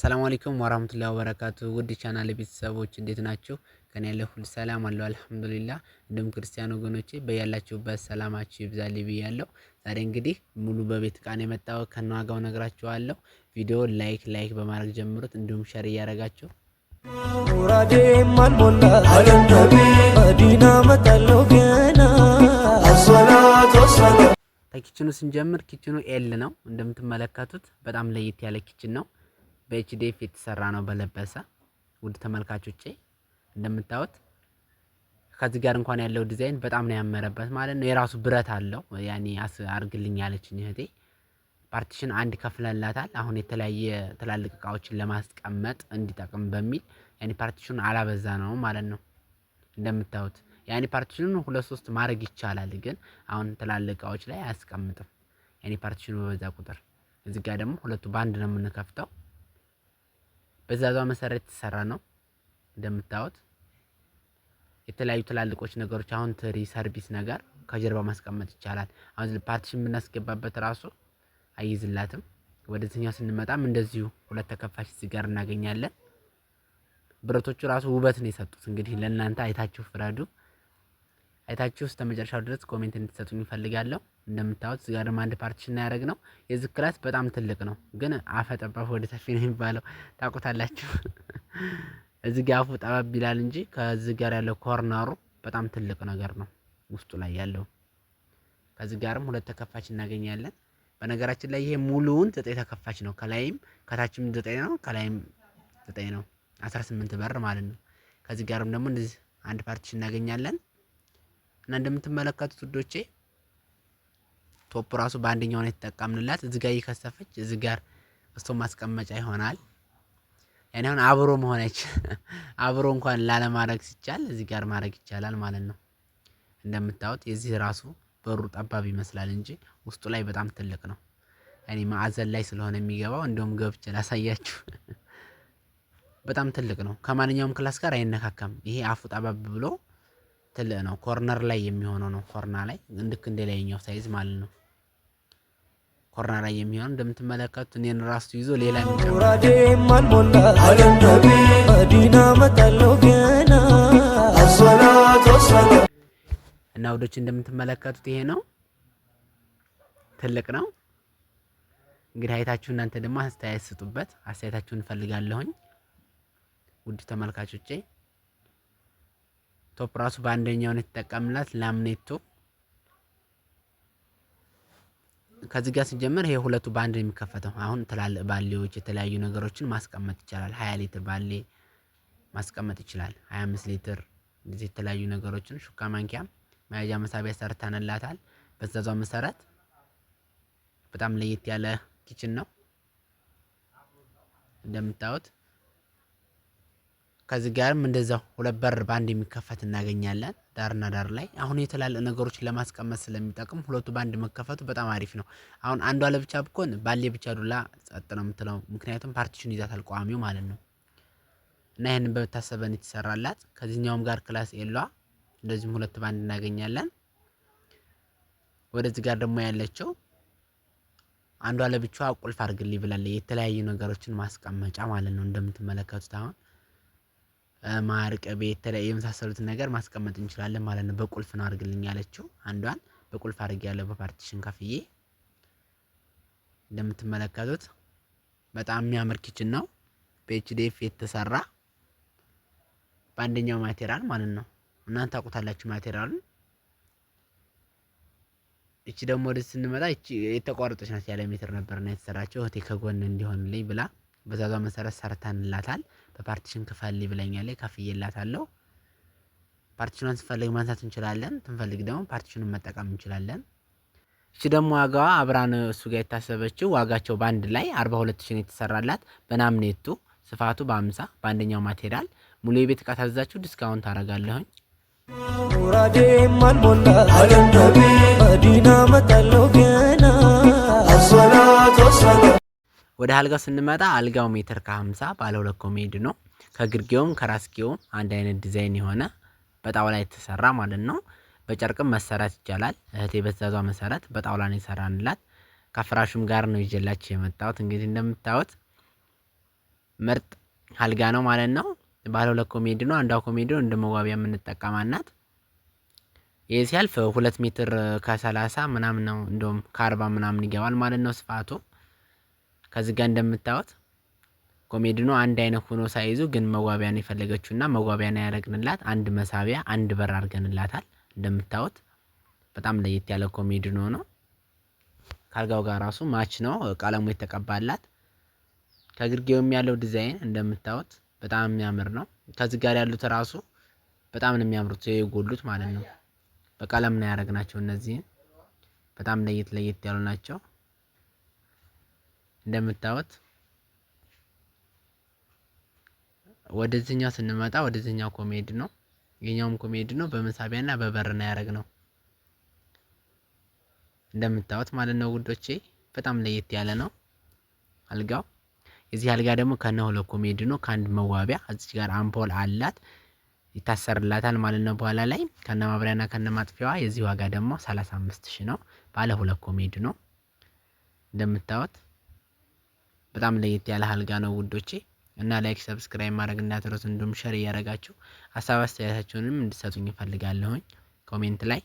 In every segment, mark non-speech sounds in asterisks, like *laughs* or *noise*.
ሰላም አለይኩም ወራህመቱላሂ ወበረካቱ ውድ ቻናል ቤተሰቦች እንዴት ናችሁ? ከኔ ያለ ሁሉ ሰላም አለው አልሐምዱሊላህ። እንደም ክርስቲያን ወገኖቼ በያላችሁበት ሰላማችሁ ይብዛል ብያለሁ። ዛሬ እንግዲህ ሙሉ በቤት እቃን የመጣው ከነዋጋው ነግራችኋለሁ። ቪዲዮ ላይክ ላይክ በማድረግ ጀምሩት፣ እንዲሁም ሸር እያደረጋችሁ ከኪችኑ ስንጀምር ኪችኑ ኤል ነው እንደምትመለከቱት በጣም ለየት ያለ ኪችን ነው። በኤችዲኤፍ የተሰራ ነው በለበሰ። ውድ ተመልካቾቼ እንደምታዩት ከዚህ ጋር እንኳን ያለው ዲዛይን በጣም ነው ያመረበት ማለት ነው። የራሱ ብረት አለው። ያኔ አርግልኝ ያለችኝ እህቴ ፓርቲሽን አንድ ከፍለላታል። አሁን የተለያየ ትላልቅ እቃዎችን ለማስቀመጥ እንዲጠቅም በሚል ያኔ ፓርቲሽኑን አላበዛ ነው ማለት ነው። እንደምታዩት ያኔ ፓርቲሽኑን ሁለት ሶስት ማድረግ ይቻላል፣ ግን አሁን ትላልቅ እቃዎች ላይ አያስቀምጥም። ያኔ ፓርቲሽኑ በበዛ ቁጥር እዚህ ጋር ደግሞ ሁለቱ በአንድ ነው የምንከፍተው። በዛዛ መሰረት የተሰራ ነው። እንደምታዩት የተለያዩ ትላልቆች ነገሮች አሁን ትሪ ሰርቪስ ነገር ከጀርባ ማስቀመጥ ይቻላል። አሁን ፓርቲሽን ብናስገባበት ራሱ አይይዝላትም። ወደዚህኛው ስንመጣም እንደዚሁ ሁለት ተከፋሽ እዚህ ጋር እናገኛለን። ብረቶቹ ራሱ ውበት ነው የሰጡት። እንግዲህ ለእናንተ አይታችሁ ፍረዱ። አይታችሁ እስከ መጨረሻው ድረስ ኮሜንት እንድትሰጡኝ እፈልጋለሁ። እንደምታዩት ጋር ደግሞ አንድ ፓርቲሽን ያደረግ ነው። የዚህ ክላስ በጣም ትልቅ ነው፣ ግን አፈ ጠባብ ወደ ሰፊ ነው የሚባለው ታውቁታላችሁ። እዚህ ጋር አፉ ጠባብ ይላል እንጂ ከዚህ ጋር ያለው ኮርነሩ በጣም ትልቅ ነገር ነው ውስጡ ላይ ያለው። ከዚህ ጋርም ሁለት ተከፋች እናገኛለን። በነገራችን ላይ ይሄ ሙሉውን ዘጠኝ ተከፋች ነው። ከላይም ከታችም ዘጠኝ ነው፣ ከላይም ዘጠኝ ነው። አስራ ስምንት በር ማለት ነው። ከዚህ ጋርም ደግሞ እንደዚህ አንድ ፓርቲሽን እናገኛለን። እና እንደምትመለከቱት ውዶቼ ቶፕ ራሱ በአንደኛው ነው የተጠቀምንላት። እዚህ ጋር እየከሰፈች እዚህ ጋር እስቶ ማስቀመጫ ይሆናል። ያኔ አሁን አብሮ መሆነች *laughs* አብሮ እንኳን ላለማድረግ ሲቻል እዚህ ጋር ማድረግ ይቻላል ማለት ነው። እንደምታዩት የዚህ ራሱ በሩ ጠባብ ይመስላል እንጂ ውስጡ ላይ በጣም ትልቅ ነው። እኔ ማዕዘን ላይ ስለሆነ የሚገባው እንደውም ገብቼ ላሳያችሁ። *laughs* በጣም ትልቅ ነው። ከማንኛውም ክላስ ጋር አይነካከም። ይሄ አፉ ጠባብ ብሎ ትልቅ ነው። ኮርነር ላይ የሚሆነው ነው። ኮርና ላይ ልክ እንደ ላይኛው ሳይዝ ማለት ነው። ኮርና ላይ የሚሆነው እንደምትመለከቱት እኔን ራሱ ይዞ ሌላ እና ውዶች እንደምትመለከቱት ይሄ ነው። ትልቅ ነው። እንግዲህ አይታችሁ እናንተ ደግሞ አስተያየት ስጡበት። አስተያየታችሁን እንፈልጋለሁኝ ውድ ተመልካቾቼ። ቶፕ ራሱ በአንደኛው ነው የተጠቀምላት ላምኔቱ ከዚህ ጋር ሲጀመር ይሄ ሁለቱ በአንድ ነው የሚከፈተው። አሁን ትላልቅ ባሌዎች የተለያዩ ነገሮችን ማስቀመጥ ይቻላል። ሀያ ሊትር ባሌ ማስቀመጥ ይችላል። ሀያ አምስት ሊትር እንደዚህ የተለያዩ ነገሮችን ሹካ፣ ማንኪያ መያዣ መሳቢያ ሰርተንላታል። በዛዛ መሰረት በጣም ለየት ያለ ኪችን ነው እንደምታዩት። ከዚህ ጋርም እንደዛው ሁለት በር በአንድ የሚከፈት እናገኛለን። ዳርና ዳር ላይ አሁን የተላለ ነገሮችን ለማስቀመጥ ስለሚጠቅም ሁለቱ በአንድ መከፈቱ በጣም አሪፍ ነው። አሁን አንዷ ለብቻ ብኮን ባሌ ብቻ ዱላ ጸጥ ነው የምትለው፣ ምክንያቱም ፓርቲሽን ይዛታል ቋሚው ማለት ነው። እና ይህንን በመታሰበን ትሰራላት። ከዚህኛውም ጋር ክላስ ኤሏ እንደዚሁም ሁለት በአንድ እናገኛለን። ወደዚህ ጋር ደግሞ ያለችው አንዷ ለብቻ ቁልፍ አድርግልኝ ብላለች። የተለያዩ ነገሮችን ማስቀመጫ ማለት ነው እንደምትመለከቱት አሁን ማርቅ ቤት የመሳሰሉትን ነገር ማስቀመጥ እንችላለን ማለት ነው። በቁልፍ ነው አድርግልኝ ያለችው አንዷን በቁልፍ ያለው በፓርቲሽን ከፍዬ እንደምትመለከቱት በጣም የሚያምር ኪችን ነው በኤችዲኤፍ የተሰራ በአንደኛው ማቴሪያል ማለት ነው። እናንተ ታውቁታላችሁ ማቴሪያሉን። እቺ ደግሞ ወደ ስንመጣ እቺ የተቋረጠች ናት። ያለ ሜትር ነበር ነው የተሰራቸው እህቴ ከጎን እንዲሆንልኝ ብላ በዛዛ መሰረት ሰርተንላታል። በፓርቲሽን ክፈል ብለኛለ ከፍዬላታለሁ። ፓርቲሽኗን ስንፈልግ ማንሳት እንችላለን። ትንፈልግ ደግሞ ፓርቲሽኑን መጠቀም እንችላለን። እሺ ደግሞ ዋጋዋ አብራን እሱ ጋር የታሰበችው ዋጋቸው በአንድ ላይ አርባ ሁለት ሺህ ነው የተሰራላት በናምኔቱ ስፋቱ በአምሳ በአንደኛው ማቴሪያል ሙሉ የቤት እቃ ታዘዛችሁ ዲስካውንት አረጋለሁኝ። መጣለው ገና ወደ አልጋው ስንመጣ አልጋው ሜትር ከ50 ባለ ሁለት ኮሜድ ነው። ከግርጌውም ከራስጌውም አንድ አይነት ዲዛይን የሆነ በጣውላ የተሰራ ማለት ነው። በጨርቅም መሰራት ይቻላል። እህቴ በትእዛዟ መሰረት በጣውላ ነው የሰራንላት። ከፍራሹም ጋር ነው ይዤላችሁ የመጣሁት። እንግዲህ እንደምታዩት ምርጥ አልጋ ነው ማለት ነው። ባለ ሁለት ኮሜድ ነው። አንዷ ኮሜድ እንደ መዋቢያ የምንጠቀማናት ይህ ሲያልፍ ሁለት ሜትር ከሰላሳ ምናምን ነው። እንደውም ከአርባ ምናምን ይገባል ማለት ነው ስፋቱ ከዚህ ጋር እንደምታዩት ኮሜዲኖ አንድ አይነት ሆኖ ሳይዙ ግን መዋቢያን የፈለገችውና ነው ያደረግንላት አንድ መሳቢያ አንድ በር አድርገንላታል። እንደምታዩት በጣም ለየት ያለ ኮሜዲኖ ነው። ካልጋው ጋር ራሱ ማች ነው ቀለሙ የተቀባላት። ከግርጌውም ያለው ዲዛይን እንደምታዩት በጣም የሚያምር ነው። ከዚህ ጋር ያሉት ራሱ በጣም ነው የሚያምሩት የጎሉት ማለት ነው። በቀለም ነው ያደረግናቸው። እነዚህን በጣም ለየት ለየት ያሉ ናቸው። እንደምታዩት ወደዚህኛው ስንመጣ ወደዚህኛው ኮሜድ ነው። የኛውም ኮሜድ ነው በመሳቢያና በበርና ያደረግ ነው እንደምታዩት ማለት ነው ውዶቼ። በጣም ለየት ያለ ነው አልጋው። የዚህ አልጋ ደግሞ ከነ ሁለት ኮሜድ ነው ከአንድ መዋቢያ እዚህ ጋር አምፖል አላት ይታሰርላታል ማለት ነው በኋላ ላይ ከነ ማብሪያና ከነ ማጥፊያዋ። የዚህ ዋጋ ደግሞ 35 ሺ ነው። ባለ ሁለት ኮሜድ ነው እንደምታዩት በጣም ለየት ያለ አልጋ ነው ውዶቼ እና ላይክ ሰብስክራይብ ማድረግ እንዳትረሱ እንዲሁም ሼር እያደረጋችሁ ሀሳብ አስተያየታችሁንም እንድሰጡኝ እፈልጋለሁኝ ኮሜንት ላይ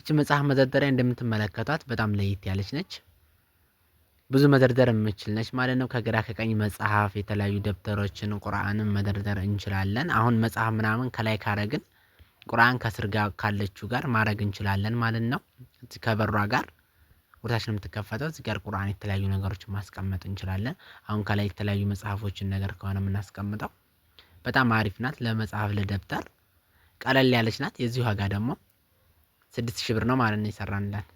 እቺ መጽሐፍ መደርደሪያ እንደምትመለከቷት በጣም ለየት ያለች ነች። ብዙ መደርደር የምችል ነች ማለት ነው። ከግራ ከቀኝ መጽሐፍ፣ የተለያዩ ደብተሮችን፣ ቁርአንን መደርደር እንችላለን። አሁን መጽሐፍ ምናምን ከላይ ካረግን ቁርአን ከስር ጋር ካለችው ጋር ማድረግ እንችላለን ማለት ነው ከበሯ ጋር ወደታች የምትከፈተው። እዚህ ጋር ቁርአን የተለያዩ ነገሮችን ማስቀመጥ እንችላለን። አሁን ከላይ የተለያዩ መጽሐፎችን ነገር ከሆነ የምናስቀምጠው በጣም አሪፍ ናት። ለመጽሐፍ ለደብተር ቀለል ያለች ናት። የዚህ ዋጋ ደግሞ ስድስት ሺህ ብር ነው ማለት ነው የሰራንላት።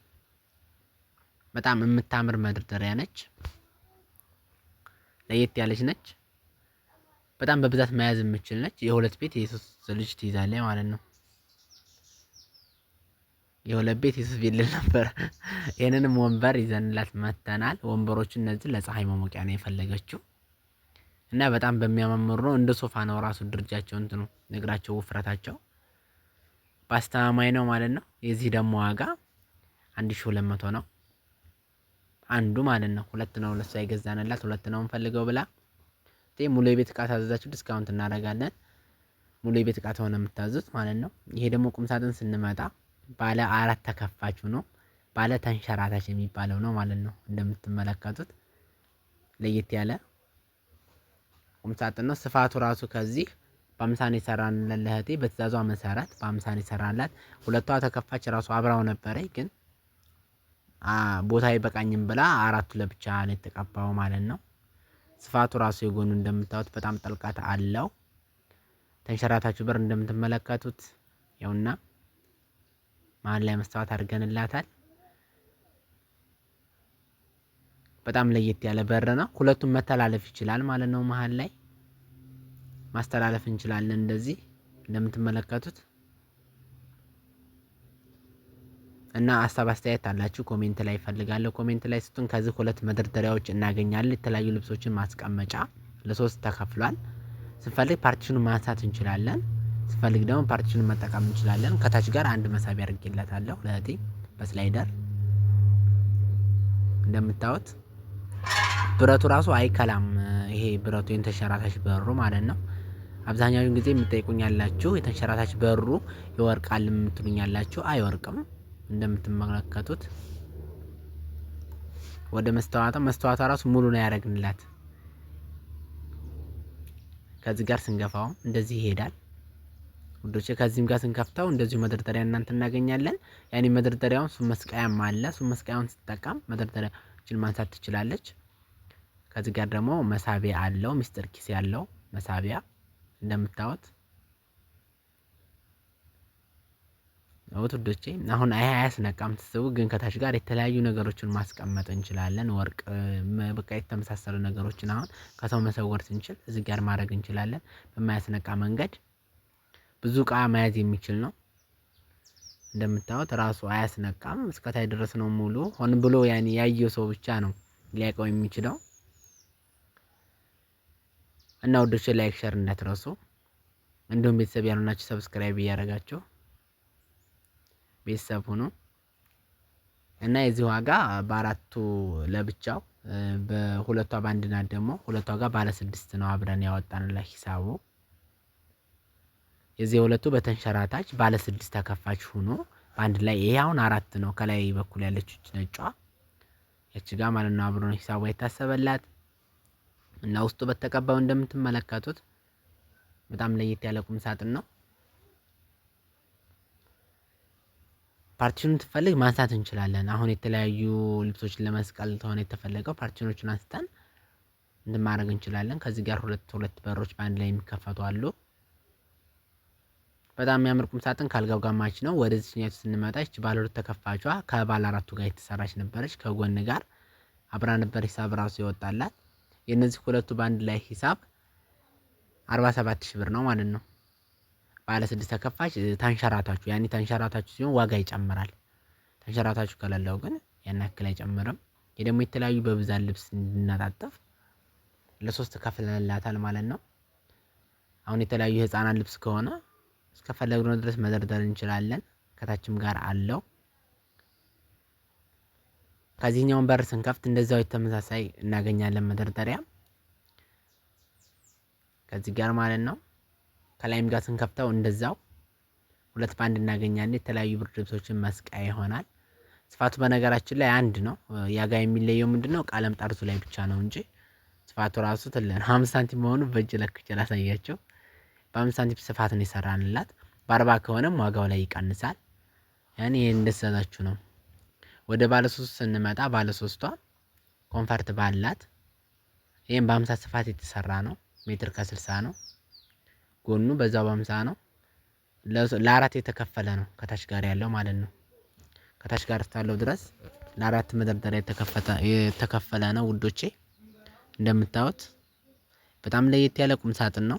በጣም የምታምር መደርደሪያ ነች። ለየት ያለች ነች። በጣም በብዛት መያዝ የምችል ነች። የሁለት ቤት የሶስት ልጅ ትይዛለች ማለት ነው። የሁለት ቤት የሶስት ነበር። ይህንንም ወንበር ይዘንላት መተናል ወንበሮቹ እነዚህ ለፀሐይ መሞቂያ ነው የፈለገችው እና በጣም በሚያማምሩ ነው። እንደ ሶፋ ነው ራሱ ድርጃቸው እንትኑ እግራቸው ውፍረታቸው በአስተማማኝ ነው ማለት ነው። የዚህ ደግሞ ዋጋ አንድ ሺ ሁለት መቶ ነው አንዱ ማለት ነው። ሁለት ነው ለሷ የገዛንላት ሁለት ነው እንፈልገው ብላ ሙሉ የቤት እቃ ታዘዛችሁ ዲስካውንት እናደርጋለን። ሙሉ የቤት እቃ ተሆነ የምታዘዙት ማለት ነው። ይሄ ደግሞ ቁምሳጥን ስንመጣ ባለ አራት ተከፋች ሆኖ ባለ ተንሸራታች የሚባለው ነው ማለት ነው። እንደምትመለከቱት ለየት ያለ ቁም ሳጥን ነው። ስፋቱ ራሱ ከዚህ በአምሳን የሰራንላት ለእህቴ በትእዛዟ መሰረት በአምሳን የሰራንላት። ሁለቷ ተከፋች ራሱ አብራው ነበረ ግን ቦታ ይበቃኝም ብላ አራቱ ለብቻ ነው የተቀባው ማለት ነው። ስፋቱ ራሱ የጎኑ እንደምታዩት በጣም ጥልቀት አለው። ተንሸራታችሁ በር እንደምትመለከቱት ያውና መሀል ላይ መስታወት አድርገንላታል። በጣም ለየት ያለ በር ነው። ሁለቱም መተላለፍ ይችላል ማለት ነው። መሀል ላይ ማስተላለፍ እንችላለን። እንደዚህ እንደምትመለከቱት እና ሀሳብ አስተያየት አላችሁ ኮሜንት ላይ ይፈልጋለሁ። ኮሜንት ላይ ስጡን። ከዚህ ሁለት መደርደሪያዎች እናገኛለን። የተለያዩ ልብሶችን ማስቀመጫ ለሶስት ተከፍሏል። ስንፈልግ ፓርቲሽኑ ማንሳት እንችላለን። ስፈልግ ደግሞ ፓርቲሽን መጠቀም እንችላለን። ከታች ጋር አንድ መሳቢያ አድርጌላታለሁ ለእህቴ በስላይደር እንደምታዩት ብረቱ ራሱ አይከላም። ይሄ ብረቱ የተንሸራታች በሩ ማለት ነው። አብዛኛውን ጊዜ የምጠይቁኝ ያላችሁ የተንሸራታች በሩ ይወርቃል የምትሉኝ ያላችሁ አይወርቅም። እንደምትመለከቱት ወደ መስተዋቷ መስተዋቷ ራሱ ሙሉ ነው ያደረግንላት። ከዚህ ጋር ስንገፋው እንደዚህ ይሄዳል። ውዶቼ ከዚህም ጋር ስንከፍተው እንደዚሁ መደርደሪያ እናንተ እናገኛለን። ያኔ መደርደሪያውን ሱም መስቀያም አለ። ሱ መስቀያውን ስትጠቀም መደርደሪያችን ማንሳት ትችላለች። ከዚህ ጋር ደግሞ መሳቢያ አለው፣ ሚስጥር ኪስ ያለው መሳቢያ እንደምታዩት ወት ውዶቼ አሁን አይ አያስነቃም ትስቡ፣ ግን ከታች ጋር የተለያዩ ነገሮችን ማስቀመጥ እንችላለን። ወርቅ በቃ የተመሳሰሉ ነገሮችን አሁን ከሰው መሰወር ስንችል እዚህ ጋር ማድረግ እንችላለን በማያስነቃ መንገድ። ብዙ እቃ መያዝ የሚችል ነው። እንደምታዩት ራሱ አያስነቃም። እስከታይ ድረስ ነው ሙሉ። ሆን ብሎ ያኔ ያየው ሰው ብቻ ነው ሊያውቀው የሚችለው። እና ውዶች ላይክ፣ ሸር እንዳትረሱ። እንዲሁም ቤተሰብ ያልሆናችሁ ሰብስክራይብ እያደረጋችሁ ቤተሰብ ሁኑ። እና የዚህ ዋጋ በአራቱ ለብቻው በሁለቷ ባንድናት ደግሞ ሁለቷ ጋር ባለ ስድስት ነው አብረን ያወጣንላ ሂሳቡ የዚህ ሁለቱ በተንሸራታች ባለ ስድስት ተከፋች ሆኖ በአንድ ላይ ይሄ አሁን አራት ነው። ከላይ በኩል ያለች ነጯ ያቺ ጋ ማለት ነው አብሮ ሂሳቧ የታሰበላት እና ውስጡ በተቀባዩ እንደምትመለከቱት በጣም ለየት ያለ ቁም ሳጥን ነው። ፓርቲሽኑ ትፈልግ ማንሳት እንችላለን። አሁን የተለያዩ ልብሶችን ለመስቀል ተሆነ የተፈለገው ፓርቲሽኖቹን አንስተን እንድማድረግ እንችላለን። ከዚህ ጋር ሁለት ሁለት በሮች በአንድ ላይ የሚከፈቱ አሉ። በጣም የሚያምር ቁም ሳጥን ካልጋው ጋር ማች ነው። ወደዚህኛው ስንመጣ ይቺ ባለ ሁለት ተከፋቿ ከባለ አራቱ ጋር የተሰራች ነበረች። ከጎን ጋር አብራ ነበር ሂሳብ ራሱ ይወጣላት። የእነዚህ ሁለቱ በአንድ ላይ ሂሳብ 47 ሺህ ብር ነው ማለት ነው። ባለ ስድስት ተከፋች ታንሸራታችሁ፣ ያኔ ታንሸራታችሁ ሲሆን ዋጋ ይጨምራል። ታንሸራታችሁ ከሌለው ግን ያን ያክል አይጨምርም። ይህ ደግሞ የተለያዩ በብዛት ልብስ እንድናጣጠፍ ለሶስት ከፍለንላታል ማለት ነው። አሁን የተለያዩ የህፃናት ልብስ ከሆነ እስከፈለግነው ድረስ መደርደር እንችላለን። ከታችም ጋር አለው። ከዚህኛውን በር ስንከፍት እንደዛው ተመሳሳይ እናገኛለን መደርደሪያ ከዚህ ጋር ማለት ነው። ከላይም ጋር ስንከፍተው እንደዛው ሁለት በአንድ እናገኛለን። የተለያዩ ብርድ ልብሶችን መስቀያ ይሆናል። ስፋቱ በነገራችን ላይ አንድ ነው። ያጋ የሚለየው ምንድን ነው? ቀለም ጠርዙ ላይ ብቻ ነው እንጂ ስፋቱ ራሱ ትልን ሀምስት ሳንቲም መሆኑ በእጅ ለክቼ ላሳያቸው። በአምስት ሳንቲም ስፋት ነው የሰራንላት። በአርባ ከሆነም ዋጋው ላይ ይቀንሳል። ያኔ እንደሰዛችሁ ነው። ወደ ባለሶስት ስንመጣ ባለሶስቷ ኮንፈርት ባላት ይህም በአምሳ ስፋት የተሰራ ነው። ሜትር ከስልሳ ነው። ጎኑ በዛው በአምሳ ነው። ለአራት የተከፈለ ነው ከታች ጋር ያለው ማለት ነው። ከታች ጋር እስካለው ድረስ ለአራት መደርደሪያ የተከፈለ ነው ውዶቼ። እንደምታዩት በጣም ለየት ያለ ቁም ሳጥን ነው።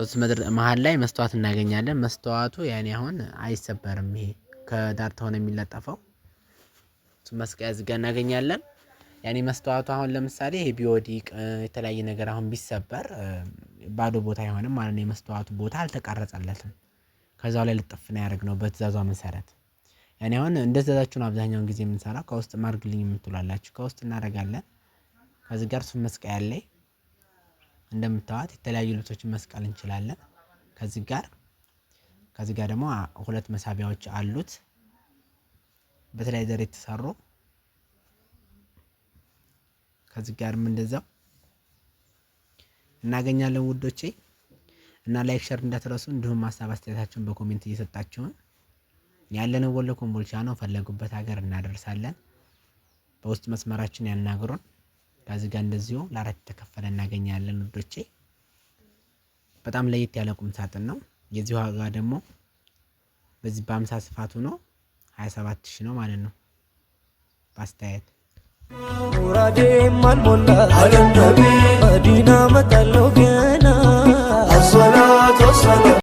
ሶስት ሜትር መሃል ላይ መስተዋት እናገኛለን። መስተዋቱ ያኔ አሁን አይሰበርም። ይሄ ከዳር ተሆነ የሚለጠፈው መስቀያ እዚህ እናገኛለን። ያኔ መስተዋቱ አሁን ለምሳሌ ይሄ ቢወዲቅ የተለያየ ነገር አሁን ቢሰበር ባዶ ቦታ አይሆንም ማለት ነው። የመስተዋቱ ቦታ አልተቀረጸለትም። ከዛው ላይ ልጥፍ ነው ያደረግነው በትእዛዟ መሰረት። ያኔ አሁን ትእዛዛችሁን አብዛኛውን ጊዜ የምንሰራው ከውስጥ ማርግልኝ የምትላላችሁ ከውስጥ እናደርጋለን። ከዚህ ጋር እሱ መስቀያ ላይ እንደምታዩት የተለያዩ ልብሶችን መስቀል እንችላለን። ከዚህ ጋር ከዚህ ጋር ደግሞ ሁለት መሳቢያዎች አሉት። በተለያየ ዘር የተሰሩ ከዚህ ጋርም እንደዛው እናገኛለን ውዶቼ እና ላይክ ሸር እንዳትረሱ፣ እንዲሁም ሀሳብ አስተያየታችሁን በኮሜንት እየሰጣችሁን ያለነው ወሎ ኮምቦልቻ ነው። ፈለጉበት ሀገር እናደርሳለን። በውስጥ መስመራችን ያናግሩን። ከዚህ ጋር እንደዚሁ ለአራት የተከፈለ እናገኛለን ውዶቼ። በጣም ለየት ያለ ቁም ሳጥን ነው። የዚህ ዋጋ ደግሞ በዚህ በአምሳ ስፋቱ ነው ሀያ ሰባት ሺ ነው ማለት ነው። በአስተያየት ሙራዴ ማልሞላ